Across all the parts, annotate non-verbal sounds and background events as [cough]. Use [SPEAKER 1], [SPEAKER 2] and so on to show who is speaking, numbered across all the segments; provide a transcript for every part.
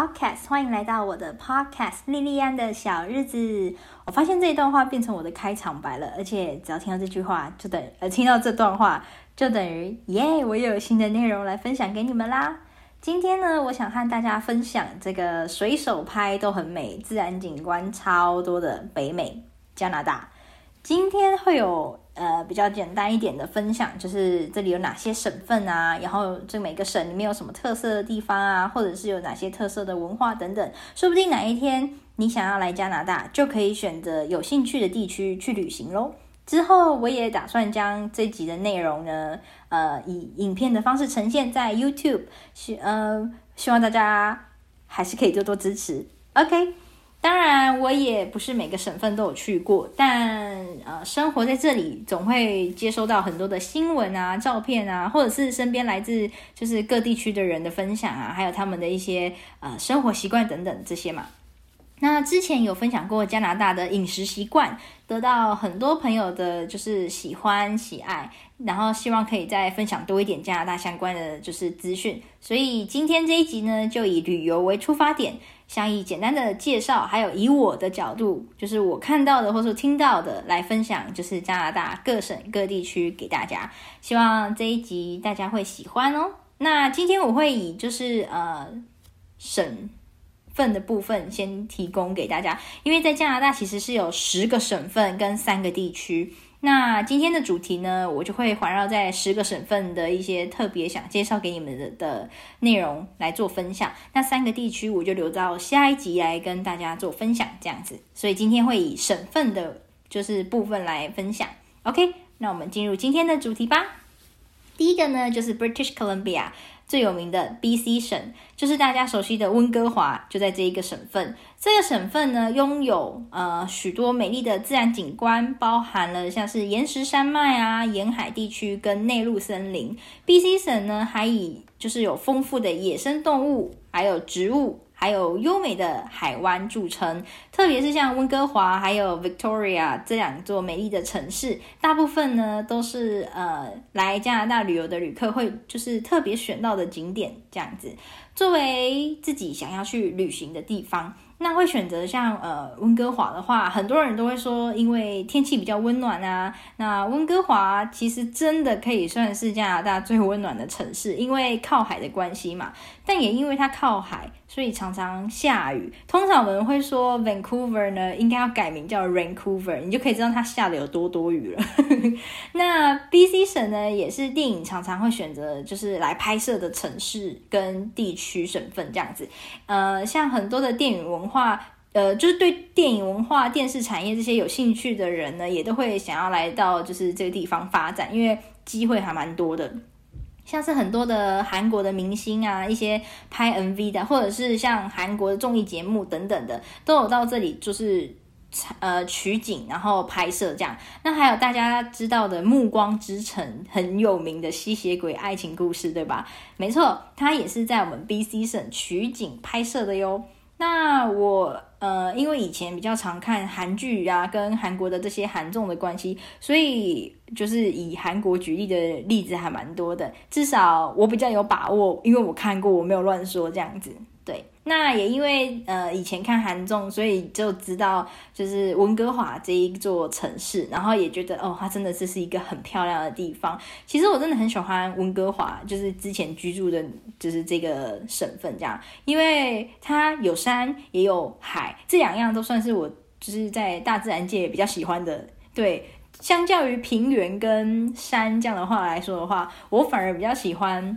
[SPEAKER 1] Podcast，歡迎來到我的 Podcast 莉莉安的小日子。我發現這一段話變成我的開場白了，而且只要聽到這句話，就等呃，聽到這段話，就等於耶，yeah, 我又有新的內容來分享給你們啦。今天呢，我想和大家分享這個隨手拍都很美、自然景觀超多的北美加拿大。今天會有。呃，比較簡單一點的分享，就是這裡有哪些省份啊，然後這每個省裡面有什麼特色的地方啊，或者是有哪些特色的文化等等。說不定哪一天你想要來加拿大，就可以選擇有興趣的地區去旅行嘍。之後我也打算將這集的內容呢，呃，以影片的方式呈現在 YouTube，希嗯希望大家還是可以多多支持。OK。當然，我也不是每個省份都有去過，但呃，生活在這裡總會接收到很多的新聞啊、照片啊，或者是身邊來自就是各地區的人的分享啊，還有他們的一些呃生活習慣等等這些嘛。那之前有分享過加拿大的飲食習慣，得到很多朋友的就是喜歡喜愛，然後希望可以再分享多一點加拿大相關的就是資訊，所以今天這一集呢，就以旅遊為出發點，想以簡單的介紹，還有以我的角度，就是我看到的或是聽到的來分享，就是加拿大各省各地區給大家，希望這一集大家會喜歡哦。那今天我會以就是呃省。份的部分先提供給大家，因為在加拿大其實是有十個省份跟三個地區。那今天的主題呢，我就會環繞在十個省份的一些特別想介紹給你們的的內容來做分享。那三個地區我就留到下一集來跟大家做分享，這樣子。所以今天會以省份的就是部分來分享。OK，那我們進入今天的主題吧。第一個呢，就是 British Columbia。最有名的 BC 省就是大家熟悉的溫哥華，就在這一個省份。這個省份呢，擁有呃許多美麗的自然景觀，包含了像是岩石山脈啊、沿海地區跟內陸森林。BC 省呢，還以就是有豐富的野生動物，還有植物，還有優美的海灣著稱，特別是像溫哥華還有 Victoria 這兩座美麗的城市，大部分呢都是呃來加拿大旅遊的旅客會就是特別選到的景點這樣子，作為自己想要去旅行的地方。那會選擇像呃溫哥華的話，很多人都會說，因為天氣比較溫暖啊。那溫哥華其實真的可以算是加拿大最溫暖的城市，因為靠海的關係嘛。但也因為它靠海，所以常常下雨。通常我們會說 Vancouver 呢，應該要改名叫 Raincouver，u 你就可以知道它下的有多多雨了。 [laughs] 那 B.C. 省呢，也是電影常常會選擇就是來拍攝的城市跟地區省份這樣子。呃，像很多的電影文。話，呃，就是對電影文化、電視產業這些有興趣的人呢，也都會想要來到就是這個地方發展，因為機會還蠻多的。像是很多的韓國的明星啊，一些拍 MV 的，或者是像韓國的綜藝節目等等的，都有到這裡就是呃取景，然後拍攝這樣。那還有大家知道的《暮光之城》，很有名的吸血鬼愛情故事，對吧？沒錯，它也是在我們 BC 省取景拍攝的喲。那我呃，因為以前比較常看韓劇啊，跟韓國的這些韓綜的關係，所以就是以韓國舉例的例子還蠻多的，至少我比較有把握，因為我看過，我沒有亂說這樣子，對。那也因為呃以前看韓綜，所以就知道就是溫哥華這一座城市，然後也覺得哦，它真的這是一個很漂亮的地方。其實我真的很喜歡溫哥華，就是之前居住的，就是這個省份這樣，因為它有山也有海，這兩樣都算是我就是在大自然界比較喜歡的。對，相較於平原跟山這樣的話來說的話，我反而比較喜歡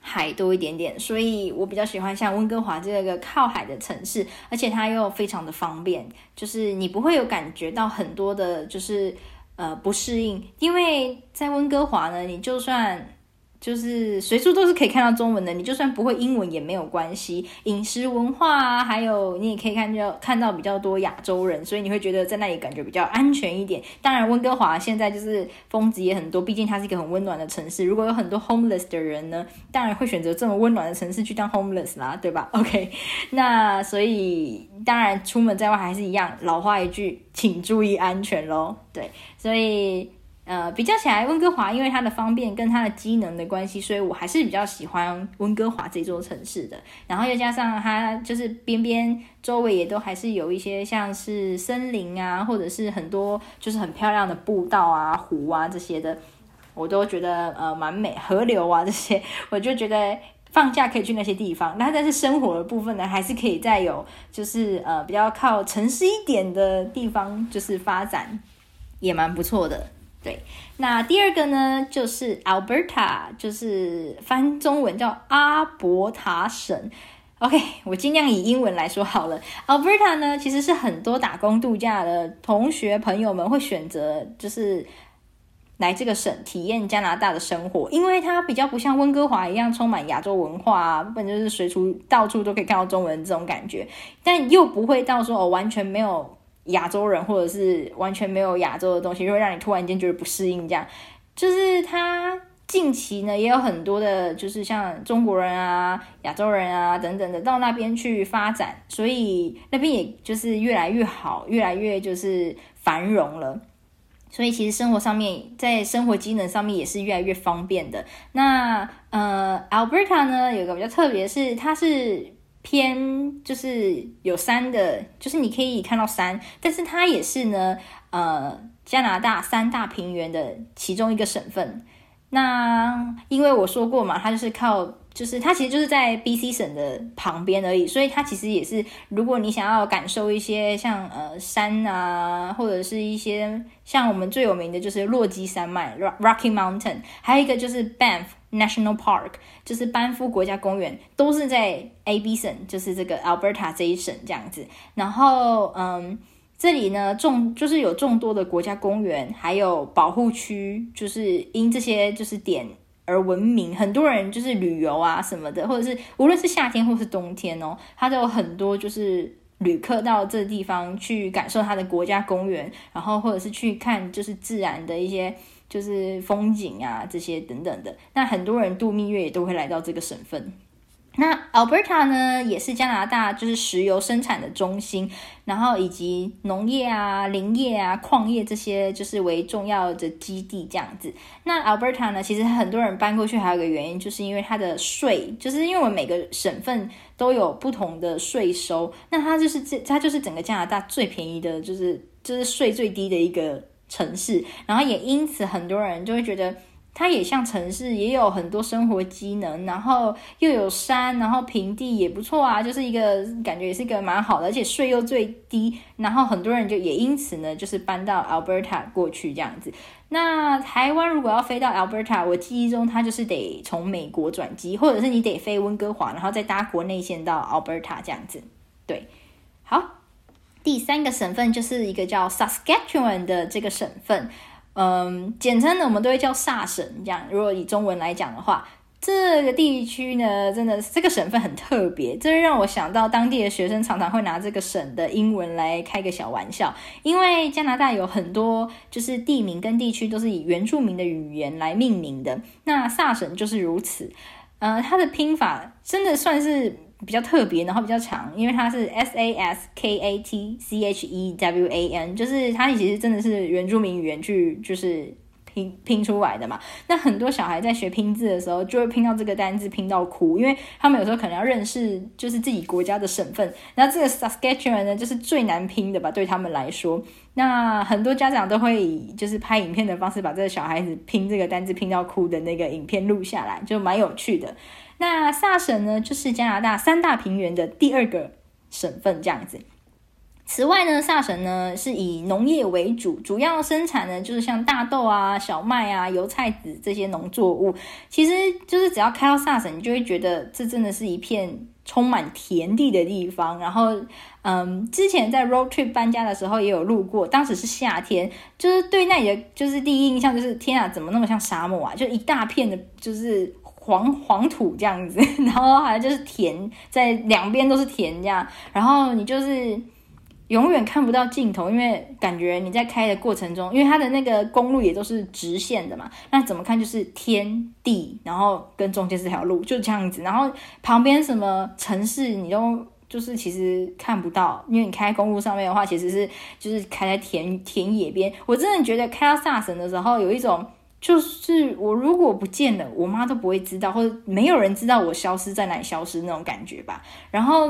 [SPEAKER 1] 海多一點點，所以我比較喜歡像溫哥華這個靠海的城市，而且它又非常的方便，就是你不會有感覺到很多的，就是呃不適應，因為在溫哥華呢，你就算。就是隨處都是可以看到中文的，你就算不會英文也沒有關係。飲食文化啊，還有你也可以看到看到比較多亞洲人，所以你會覺得在那裡感覺比較安全一點。當然，溫哥華現在就是瘋子也很多，畢竟它是一個很溫暖的城市。如果有很多 homeless 的人呢，當然會選擇這麼溫暖的城市去當 homeless 啦，對吧？OK，那所以當然出門在外還是一樣，老話一句，請注意安全咯。對，所以。呃，比較起來，溫哥華因為它的方便跟它的機能的關係，所以我還是比較喜歡溫哥華這座城市的。然後又加上它就是邊邊周圍也都還是有一些像是森林啊，或者是很多就是很漂亮的步道啊、湖啊這些的，我都覺得呃蠻美。河流啊這些，我就覺得放假可以去那些地方。那但是生活的部分呢，還是可以再有就是呃比較靠城市一點的地方，就是發展也蠻不錯的。對，那第二個呢，就是 Alberta，就是翻中文叫阿伯塔省。OK，我盡量以英文來說好了。Alberta 呢，其實是很多打工度假的同學朋友們會選擇，就是來這個省體驗加拿大的生活，因為它比較不像溫哥華一樣充滿亞洲文化，啊，本就是隨處到處都可以看到中文這種感覺，但又不會到說我、哦、完全沒有。亞洲人，或者是完全沒有亞洲的東西，就會讓你突然間覺得不適應。這樣，就是他近期呢也有很多的，就是像中國人啊、亞洲人啊等等的到那邊去發展，所以那邊也就是越來越好，越來越就是繁榮了。所以其實生活上面，在生活機能上面也是越來越方便的。那呃，Alberta 呢有個比較特別的是，它是，偏就是有山的，就是你可以看到山，但是它也是呢，呃，加拿大三大平原的其中一個省份。那因為我說過嘛，它就是靠，就是它其實就是在 BC 省的旁邊而已，所以它其實也是，如果你想要感受一些像呃山啊，或者是一些像我們最有名的就是洛基山脈 （Rocky Mountain），還有一個就是 Banff。National Park 就是班夫國家公園，都是在 AB c 就是這個 Alberta 這一省這樣子。然後，嗯，這裡呢，眾就是有眾多的國家公園，還有保護區，就是因這些就是點而聞名。很多人就是旅遊啊什麼的，或者是無論是夏天或是冬天哦，它都有很多就是旅客到這地方去感受它的國家公園，然後或者是去看就是自然的一些。就是風景啊，這些等等的。那很多人度蜜月也都會來到這個省份。那 Alberta 呢，也是加拿大就是石油生產的中心，然後以及農業啊、林業啊、礦業這些就是為重要的基地這樣子。那 Alberta 呢，其實很多人搬過去還有一個原因，就是因為它的稅，就是因為我們每個省份都有不同的稅收，那它就是這，它就是整個加拿大最便宜的，就是就是稅最低的一個城市，然後也因此很多人就會覺得它也像城市，也有很多生活機能，然後又有山，然後平地也不錯啊，就是一個感覺，也是一個蠻好的，而且稅又最低，然後很多人就也因此呢，就是搬到 Alberta 過去這樣子。那台灣如果要飛到 Alberta，我記憶中它就是得從美國轉機，或者是你得飛溫哥華，然後再搭國內線到 Alberta 這樣子。對，好。第三個省份就是一個叫 Saskatchewan 的這個省份，嗯，簡稱的我們都會叫薩省。這樣，如果以中文來講的話，這個地區呢，真的這個省份很特別，這讓我想到當地的學生常常會拿這個省的英文來開個小玩笑，因為加拿大有很多就是地名跟地區都是以原住民的語言來命名的，那薩省就是如此。嗯、呃，它的拼法真的算是。比較特別，然後比較長，因為它是 S A S K A T C H E W A N，就是它其實真的是原住民語言去就是拼拼出來的嘛。那很多小孩在學拼字的時候，就會拼到這個單字拼到哭，因為他們有時候可能要認識就是自己國家的省份。那這個 Saskatchewan 呢，就是最難拼的吧？對他們來說，那很多家長都會以就是拍影片的方式，把這個小孩子拼這個單字拼到哭的那個影片錄下來，就蠻有趣的。那薩省呢，就是加拿大三大平原的第二個省份，這樣子。此外呢，薩省呢是以農業為主，主要生產呢就是像大豆啊、小麥啊、油菜籽這些農作物。其實就是只要開到薩省，你就會覺得這真的是一片充滿田地的地方。然後，嗯，之前在 Road Trip 搬家的時候也有路過，當時是夏天，就是對那裡的就是第一印象就是天啊，怎麼那麼像沙漠啊？就一大片的，就是。黃黃土這樣子，然後還有就是田，在兩邊都是田這樣，然後你就是永遠看不到盡頭，因為感覺你在開的過程中，因為它的那個公路也都是直線的嘛，那怎麼看就是天地，然後跟中間這條路就這樣子，然後旁邊什麼城市你都就是其實看不到，因為你開公路上面的話，其實是就是開在田田野邊，我真的覺得開到薩省的時候有一種。就是我如果不見了，我媽都不會知道，或者沒有人知道我消失在哪裡消失那種感覺吧。然後，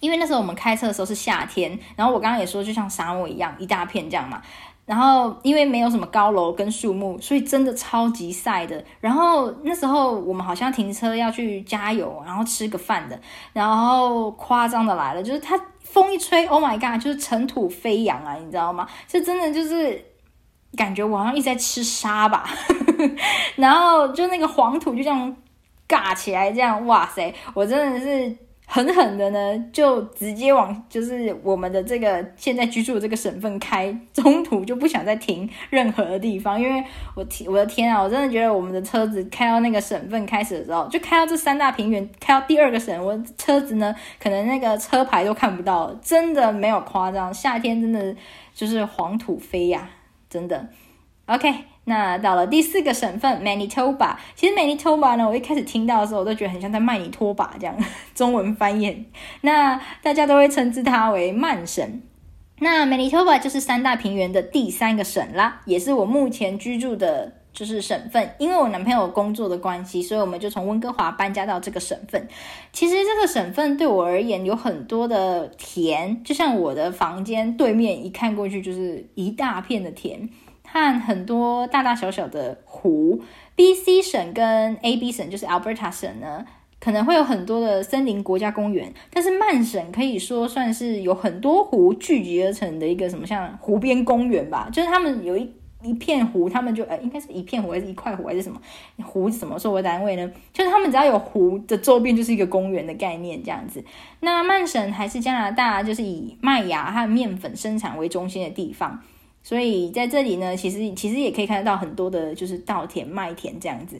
[SPEAKER 1] 因為那時候我們開車的時候是夏天，然後我剛剛也說，就像沙漠一樣一大片這樣嘛。然後因為沒有什麼高樓跟樹木，所以真的超級曬的。然後那時候我們好像停車要去加油，然後吃個飯的。然後誇張的來了，就是它風一吹，Oh my God，就是塵土飛揚啊，你知道嗎？這真的就是。感覺我好像一直在吃沙吧， [laughs] 然後就那個黃土就這樣尬起來，這樣，哇塞，我真的是狠狠的呢，就直接往就是我們的這個現在居住的這個省份開，中途就不想再停任何的地方，因為我我的天啊，我真的覺得我們的車子開到那個省份開始的時候，就開到這三大平原，開到第二個省份，我車子呢可能那個車牌都看不到，真的沒有誇張，夏天真的就是黃土飛揚。真的，OK。那到了第四個省份 Manitoba，其實 Manitoba 呢，我一開始聽到的時候，我都覺得很像在賣你拖把這樣，中文翻譯。那大家都會稱之它為曼省。那 Manitoba 就是三大平原的第三個省啦，也是我目前居住的。就是省份，因為我男朋友工作的關係，所以我們就從溫哥華搬家到這個省份。其實這個省份對我而言有很多的田，就像我的房間對面，一看過去就是一大片的田，和很多大大小小的湖。BC 省跟 AB 省就是 Alberta 省呢，可能會有很多的森林國家公園，但是曼省可以說算是有很多湖聚集而成的一個什麼像湖邊公園吧，就是他們有一。一片湖，他們就呃、欸，應該是一片湖，還是一塊湖，還是什麼？湖是什麼作為單位呢？就是他們只要有湖的周邊，就是一個公園的概念這樣子。那曼省還是加拿大，就是以麥芽和麵粉生產為中心的地方，所以在這裡呢，其實其實也可以看得到很多的，就是稻田、麥田這樣子。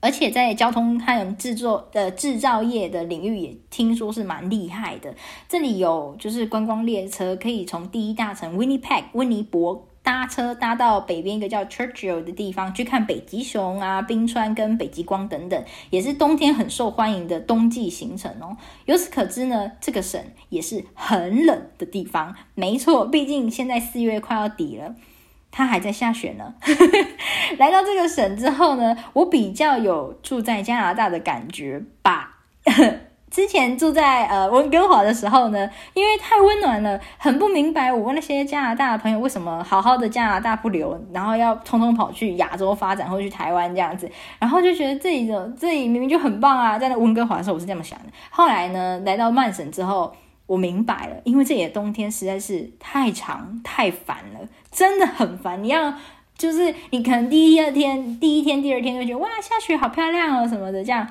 [SPEAKER 1] 而且在交通還有製作的製造業的領域，也聽說是蠻厲害的。這裡有就是觀光列車，可以從第一大城溫尼佩克、溫尼伯。搭車搭到北邊一個叫 Churchill 的地方去看北極熊啊、冰川跟北極光等等，也是冬天很受歡迎的冬季行程哦。由此可知呢，這個省也是很冷的地方。沒錯，畢竟現在四月快要底了，它還在下雪呢。 [laughs] 來到這個省之後呢，我比較有住在加拿大的感覺吧。 [laughs] 之前住在呃溫哥華的時候呢，因為太溫暖了，很不明白。我問那些加拿大的朋友，為什麼好好的加拿大不留，然後要匆匆跑去亞洲發展，或者去台灣這樣子。然後就覺得這裡，這裡明明就很棒啊，在那溫哥華的時候，我是這麼想的。後來呢，來到曼省之後，我明白了，因為這裡的冬天實在是太長、太煩了，真的很煩。你要就是你可能第二天、第一天、第二天就覺得哇，下雪好漂亮哦什麼的這樣。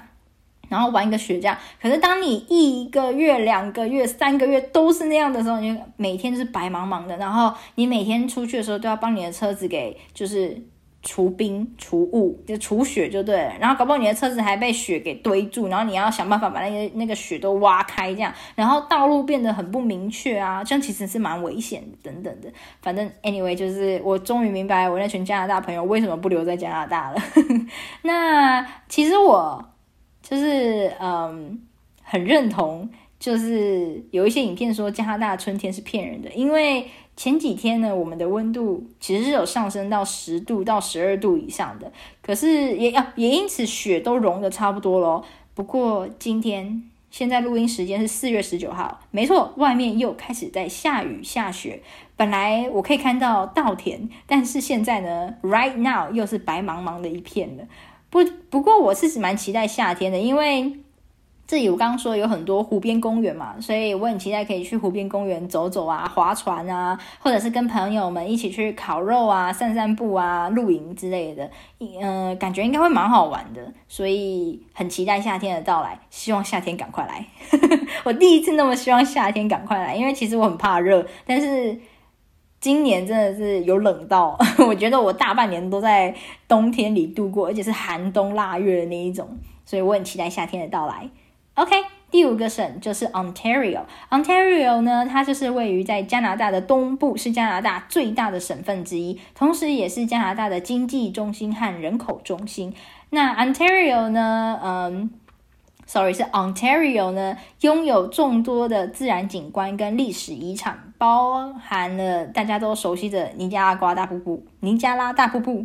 [SPEAKER 1] 然後玩一個雪這樣，可是當你一個月、兩個月、三個月都是那樣的時候，你就每天就是白茫茫的。然後你每天出去的時候都要幫你的車子給就是除冰、除霧、就除雪就對了。然後搞不好你的車子還被雪給堆住，然後你要想辦法把那些那個雪都挖開，這樣然後道路變得很不明確啊，這樣其實是蠻危險的等等的。反正 anyway，就是我終於明白我那群加拿大朋友為什麼不留在加拿大了。呵呵，那其實我。就是嗯，很認同。就是有一些影片說加拿大春天是騙人的，因為前幾天呢，我們的溫度其實是有上升到十度到十二度以上的，可是也要、啊、也因此雪都融得差不多咯。不過今天現在錄音時間是四月十九號，沒錯，外面又開始在下雨下雪。本來我可以看到稻田，但是現在呢，right now 又是白茫茫的一片了。不，不過我是蠻期待夏天的，因為這裡我剛剛說有很多湖邊公園嘛，所以我很期待可以去湖邊公園走走啊，划船啊，或者是跟朋友們一起去烤肉啊、散散步啊、露營之類的，嗯、呃，感覺應該會蠻好玩的，所以很期待夏天的到來，希望夏天趕快來。 [laughs] 我第一次那麼希望夏天趕快來，因為其實我很怕熱，但是。今年真的是有冷到， [laughs] 我覺得我大半年都在冬天裡度過，而且是寒冬臘月的那一種，所以我很期待夏天的到來。OK，第五個省就是 Ontario。Ontario 呢，它就是位於在加拿大的東部，是加拿大最大的省份之一，同時也是加拿大的經濟中心和人口中心。那 Ontario 呢，嗯。Sorry，是 Ontario 呢，擁有眾多的自然景觀跟歷史遺產，包含了大家都熟悉的尼加拉瓜大瀑布。尼加拉大瀑布，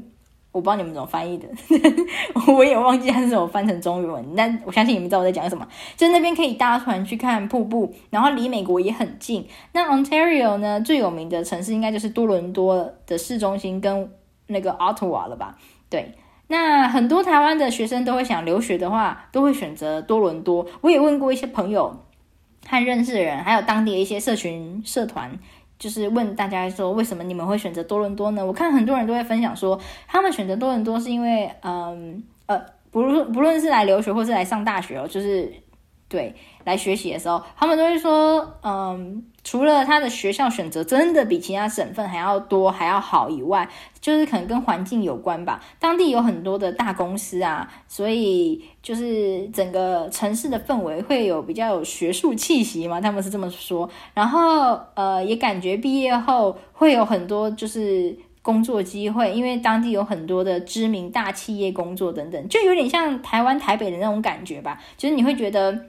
[SPEAKER 1] 我不知道你們怎麼翻譯的， [laughs] 我也忘記它是怎麼翻成中文文。但我相信你們知道我在講什麼，就那邊可以搭船去看瀑布，然後離美國也很近。那 Ontario 呢，最有名的城市應該就是多倫多的市中心跟那個 Ottawa 了吧？對。那很多台灣的學生都會想留學的話，都會選擇多倫多。我也問過一些朋友和認識的人，還有當地的一些社群社團，就是問大家說，為什麼你們會選擇多倫多呢？我看很多人都會分享說，他們選擇多倫多是因為，嗯呃，不論不論是來留學或是來上大學哦，就是。對，來學習的時候，他們都會說，嗯，除了他的學校選擇真的比其他省份還要多還要好以外，就是可能跟環境有關吧。當地有很多的大公司啊，所以就是整個城市的氛圍會有比較有學術氣息嘛，他們是這麼說。然後呃，也感覺畢業後會有很多就是工作機會，因為當地有很多的知名大企業工作等等，就有點像台灣台北的那種感覺吧，其實你會覺得。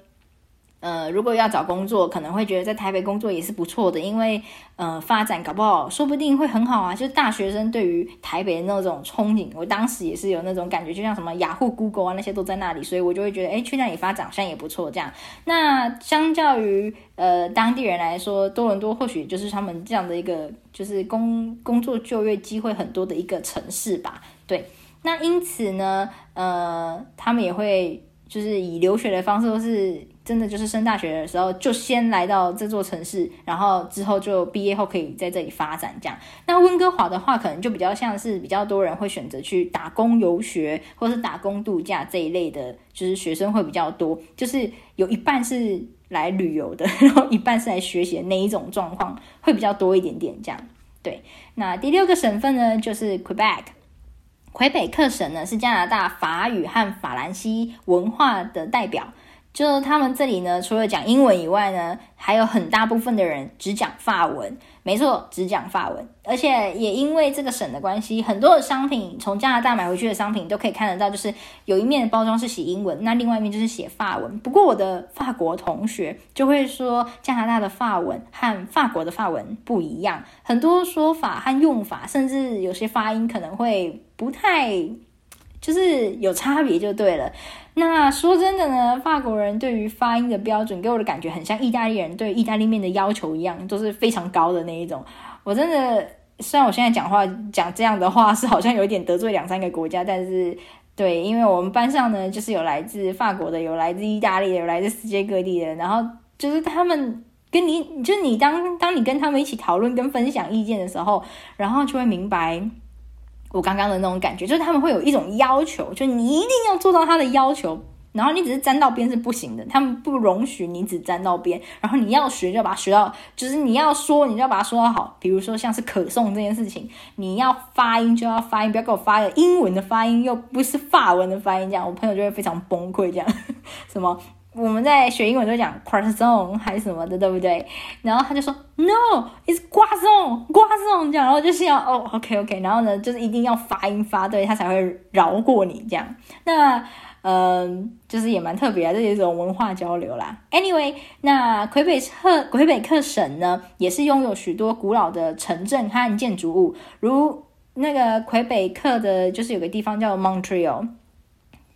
[SPEAKER 1] 呃，如果要找工作，可能會覺得在台北工作也是不錯的，因為呃，發展搞不好，說不定會很好啊。就是大學生對於台北的那種憧憬，我當時也是有那種感覺，就像什麼雅虎、Google 啊那些都在那裡，所以我就會覺得，哎，去那裡發展好像也不錯。這樣，那相較於呃當地人來說，多倫多或許就是他們這樣的一個，就是工工作就業機會很多的一個城市吧。對，那因此呢，呃，他們也會。就是以留學的方式，都是真的，就是升大學的時候就先來到這座城市，然後之後就畢業後可以在這裡發展。這樣，那溫哥華的話，可能就比較像是比較多人會選擇去打工遊學，或是打工度假這一類的，就是學生會比較多，就是有一半是來旅遊的，然後一半是來學習的，那一種狀況會比較多一點點？這樣，對。那第六個省份呢，就是 Quebec。魁北克省呢，是加拿大法語和法蘭西文化的代表，就他們這裡呢，除了講英文以外呢，還有很大部分的人只講法文。沒錯，只講法文，而且也因為這個省的關係，很多的商品從加拿大買回去的商品都可以看得到，就是有一面的包裝是寫英文，那另外一面就是寫法文。不過我的法國同學就會說，加拿大的法文和法國的法文不一樣，很多說法和用法，甚至有些發音可能會不太。就是有差別就對了。那說真的呢，法國人，對於發音的標準，給我的感覺很像意大利人對意大利麵的要求一樣，都是非常高的那一種。我真的，雖然我現在講話講這樣的話是好像有點得罪兩三個國家，但是對，因為我們班上呢，就是有來自法國的，有來自意大利的，有來自世界各地的，然後就是他們跟你，就你當當你跟他們一起討論跟分享意見的時候，然後就會明白我剛剛的那種感覺，就是他們會有一種要求，就是你一定要做到他的要求，然後你只是沾到邊是不行的，他們不容許你只沾到邊，然後你要學就把它學到，就是你要說，你就要把它說到好。比如說像是可頌這件事情，你要發音就要發音，不要給我發個英文的發音又不是法文的發音這樣，我朋友就會非常崩潰這樣，什麼？我們在學英文都講 quarzong 還是什麼的，對不對？然後他就說 no，it's guazong，guazong 這樣，no, question, question, 然後就是要哦，OK，OK，然後呢，就是一定要發音發對，他才會饒過你這樣。那嗯、呃，就是也蠻特別啊，這是一種文化交流啦。Anyway，那魁北克魁北克省呢，也是擁有許多古老的城鎮和建築物，如那個魁北克的，就是有個地方叫 Montreal。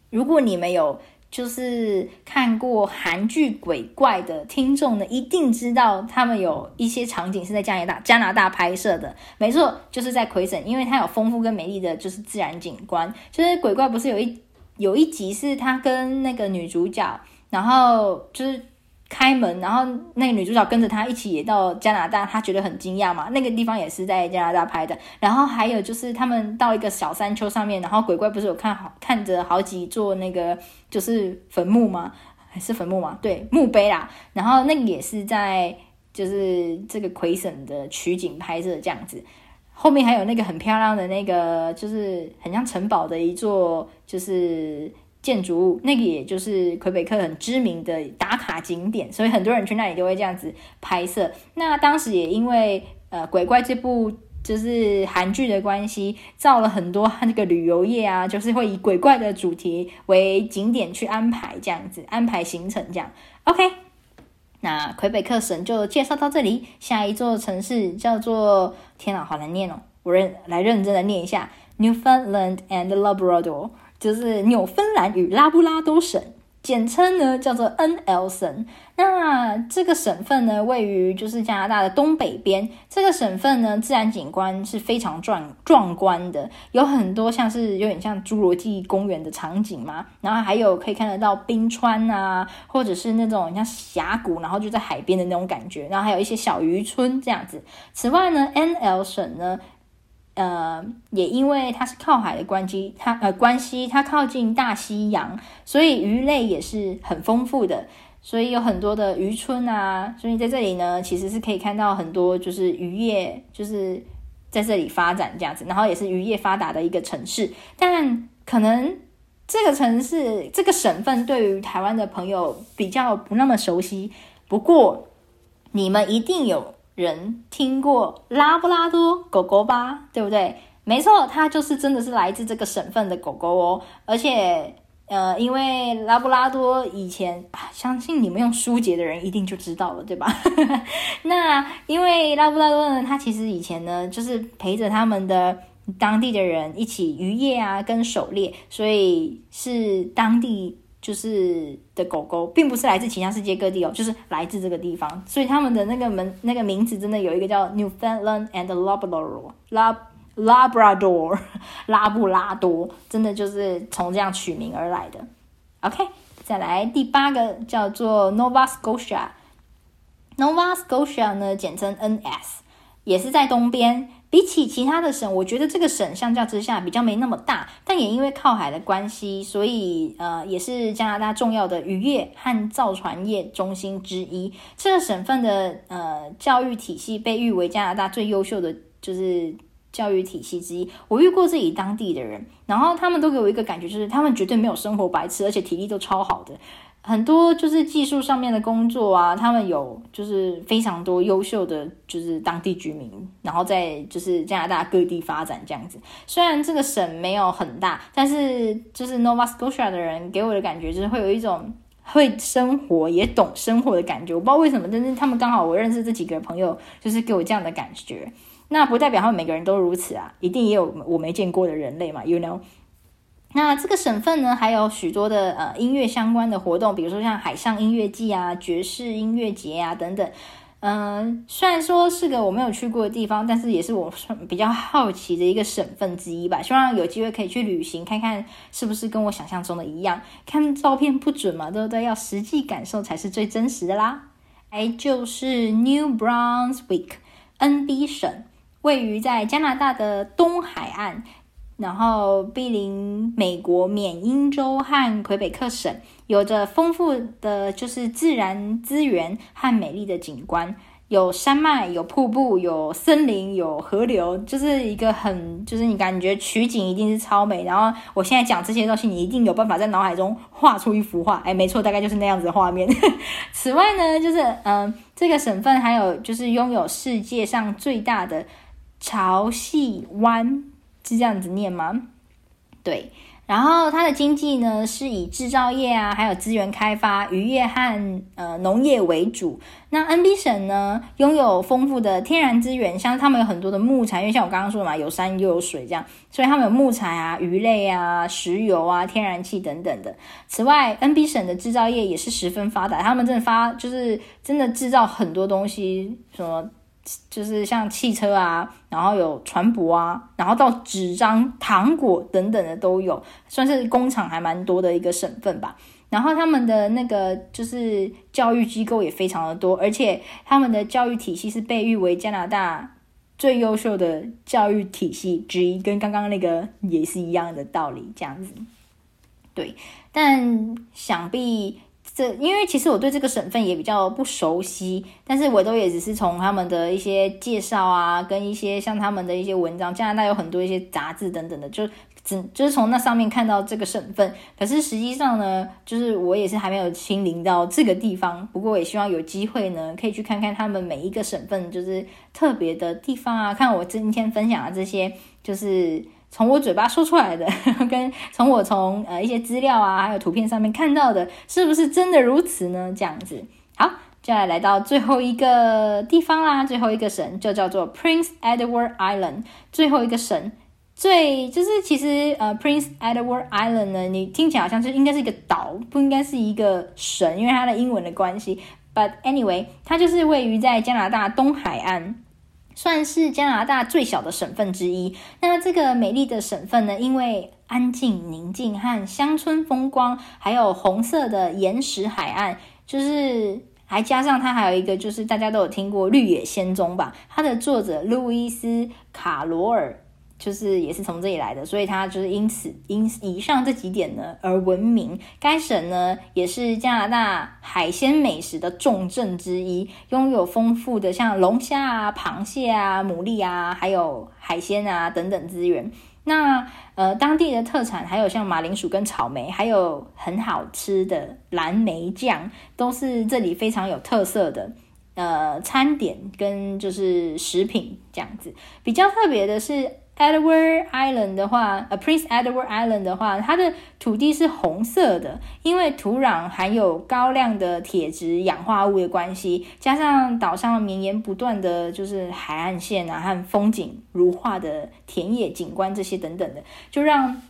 [SPEAKER 1] 如果你們有。就是看過韓劇《鬼怪》的聽眾呢，一定知道他們有一些場景是在加拿大、加拿大拍攝的。沒錯，就是在魁省，因為它有豐富跟美麗的就是自然景觀。就是《鬼怪》不是有一有一集是他跟那個女主角，然後就是。開門，然後那個女主角跟着他一起也到加拿大，他覺得很驚訝嘛。那個地方也是在加拿大拍的。然後還有就是他們到一個小山丘上面，然後鬼怪不是有看好看着好幾座那個就是墳墓嗎？還是墳墓嗎？對，墓碑啦。然後那個也是在就是這個魁省的取景拍攝這樣子。後面還有那個很漂亮的那個就是很像城堡的一座就是建築物，那個也就是魁北克很知名的打卡景點，所以很多人去那裡都會這樣子拍攝。那當時也因為呃鬼怪這部就是韓劇的關係，造了很多那個旅遊業啊，就是會以鬼怪的主題為景點去安排這樣子安排行程。這樣 OK，那魁北克省就介紹到這裡，下一座城市叫做，天啊，好難念哦、喔，我認來認真的念一下：Newfoundland and Labrador。就是紐芬蘭與拉布拉多省，簡稱呢叫做 NL 省。那這個省份呢，位於就是加拿大的東北邊。這個省份呢，自然景觀是非常壯壯觀的，有很多像是有點像侏羅紀公園的場景嘛。然後還有可以看得到冰川啊，或者是那種像峽谷，然後就在海邊的那種感覺。然後還有一些小漁村這樣子。此外呢，NL 省呢。呃，也因為它是靠海的關係，它呃關係，它靠近大西洋，所以魚類也是很豐富的，所以有很多的漁村啊，所以在這裡呢，其實是可以看到很多就是漁業，就是在這裡發展這樣子，然後也是漁業發達的一個城市，但可能這個城市，這個省份對於台灣的朋友比較不那麼熟悉，不過你們一定有。人聽過拉布拉多狗狗吧，對不對？沒錯，它就是真的是來自這個省份的狗狗哦。而且，呃，因為拉布拉多以前、啊、相信你們用舒潔的人一定就知道了，對吧？ [laughs] 那因為拉布拉多呢，它其實以前呢就是陪着他們的當地的人一起漁業啊，跟狩獵，所以是當地。就是的狗狗，並不是來自其他世界各地哦，就是來自這個地方，所以他們的那個門那個名字真的有一個叫 Newfoundland and Labrador，拉 Labrador，拉布拉多，真的就是從這樣取名而來的。OK，再來第八個叫做 Nova Scotia，Nova Scotia 呢，簡稱 NS，也是在東邊。比起其他的省，我覺得這個省相較之下比較沒那麼大，但也因為靠海的關係，所以呃，也是加拿大重要的漁業和造船業中心之一。這個省份的呃教育體系被譽為加拿大最優秀的，就是教育體系之一。我遇過自己當地的人，然後他們都給我一個感覺，就是他們絕對沒有生活白痴，而且體力都超好的。很多就是技術上面的工作啊，他們有就是非常多優秀的就是當地居民，然後在就是加拿大各地發展這樣子。雖然這個省沒有很大，但是就是 Nova Scotia 的人給我的感覺就是會有一種會生活也懂生活的感覺。我不知道為什麼，但是他們剛好我認識這幾個朋友，就是給我這樣的感覺。那不代表他們每個人都如此啊，一定也有我沒見過的人類嘛，You know。那這個省份呢，還有許多的呃音樂相關的活動，比如說像海上音樂季啊、爵士音樂節啊等等。嗯、呃，雖然說是個我沒有去過的地方，但是也是我比較好奇的一個省份之一吧。希望有機會可以去旅行，看看是不是跟我想象中的一樣。看照片不準嘛，對不對？要實際感受才是最真實的啦。哎，就是 New Brunswick，NB 省，位於在加拿大的東海岸。然後，毗鄰美國緬因州和魁北克省，有着豐富的就是自然資源和美麗的景觀，有山脈、有瀑布、有森林、有河流，就是一個很就是你感覺取景一定是超美。然後，我現在講這些東西，你一定有辦法在腦海中畫出一幅畫。哎，沒錯，大概就是那樣子的畫面。 [laughs] 此外呢，就是嗯，這個省份還有就是擁有世界上最大的潮汐灣。是這樣子念嗎？對，然後它的經濟呢是以製造業啊，還有資源開發、漁業和呃農業為主。那 N B 省呢，擁有豐富的天然資源，像他們有很多的木材，因為像我剛剛說的嘛，有山又有水，這樣，所以他們有木材啊、魚類啊、石油啊、天然氣等等的。此外，N B 省的製造業也是十分發達，他們真的發，就是真的製造很多東西，什麼。就是像汽車啊，然後有船舶啊，然後到紙張、糖果等等的都有，算是工廠還蠻多的一個省份吧。然後他們的那個就是教育機構也非常的多，而且他們的教育體系是被譽為加拿大最優秀的教育體系之一，跟剛剛那個也是一樣的道理這樣子。對，但想必。這因為其實我對這個省份也比較不熟悉，但是我都也只是從他們的一些介紹啊，跟一些像他們的一些文章，加拿大有很多一些雜誌等等的，就只就是從那上面看到這個省份。可是實際上呢，就是我也是還沒有親臨到這個地方，不過我也希望有機會呢，可以去看看他們每一個省份就是特別的地方啊。看我今天分享的這些就是。從我嘴巴說出來的，呵呵跟從我從呃一些資料啊，還有圖片上面看到的，是不是真的如此呢？這樣子，好，接下來來到最後一個地方啦，最後一個省就叫做 Prince Edward Island。最後一個省，最就是其實呃 Prince Edward Island 呢，你聽起來好像就應該是一個島，不應該是一個省，因為它的英文的關係。But anyway，它就是位於在加拿大東海岸。算是加拿大最小的省份之一，那這個美麗的省份呢，因為安靜、寧靜和鄉村風光，還有紅色的岩石海岸，就是還加上它還有一個，就是大家都有聽過《綠野仙蹤》吧？它的作者路易斯·卡羅爾。就是也是從這裡來的，所以它就是因此因以上這幾點呢而聞名。該省呢也是加拿大海鮮美食的重鎮之一，擁有豐富的像龍蝦啊、螃蟹啊、牡蠣啊，還有海鮮啊等等資源。那呃當地的特產還有像馬鈴薯跟草莓，還有很好吃的藍莓醬，都是這裡非常有特色的呃餐點跟就是食品這樣子。比較特別的是。Edward Island 的話，呃，Prince Edward Island 的話，它的土地是紅色的，因為土壤含有高量的鐵質氧化物的關係，加上島上綿延不斷的就是海岸線啊，和風景如畫的田野景觀這些等等的，就讓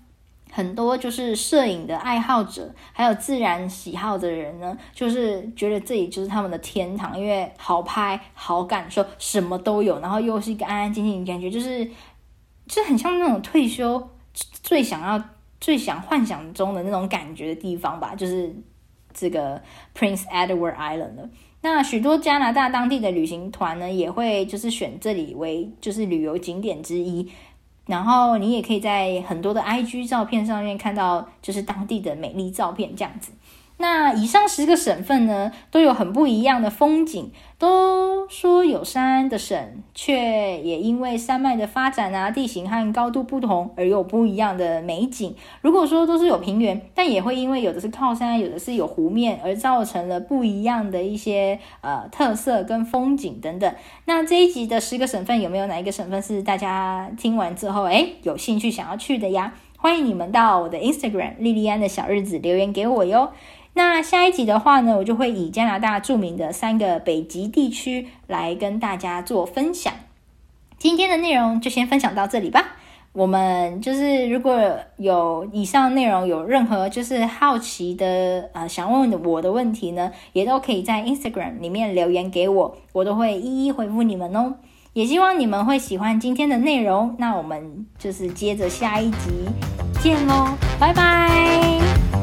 [SPEAKER 1] 很多就是攝影的愛好者，還有自然喜好的人呢，就是覺得這裡就是他們的天堂，因為好拍、好感受，說什麼都有，然後又是一個安安靜靜的感覺，就是。就很像那種退休最想要、最想幻想中的那種感覺的地方吧，就是這個 Prince Edward Island 了。那許多加拿大當地的旅行團呢，也會就是選這裡為就是旅遊景點之一。然後你也可以在很多的 IG 照片上面看到，就是當地的美麗照片這樣子。那以上十個省份呢，都有很不一樣的風景。都說有山的省，卻也因為山脈的發展啊，地形和高度不同，而有不一樣的美景。如果說都是有平原，但也會因為有的是靠山，有的是有湖面，而造成了不一樣的一些，呃，特色跟風景等等。那這一集的十個省份，有沒有哪一個省份是大家聽完之後，誒，有興趣想要去的呀？歡迎你們到我的 Instagram 莉莉安的小日子留言給我喲。那下一集的話呢，我就會以加拿大著名的三個北極地區來跟大家做分享。今天的內容就先分享到這裡吧。我們就是如果有以上內容有任何就是好奇的、呃、想問問我的問題呢，也都可以在 Instagram 裡面留言給我，我都會一一回復你們哦。也希望你們會喜歡今天的內容。那我們就是接着下一集見嘍，拜拜。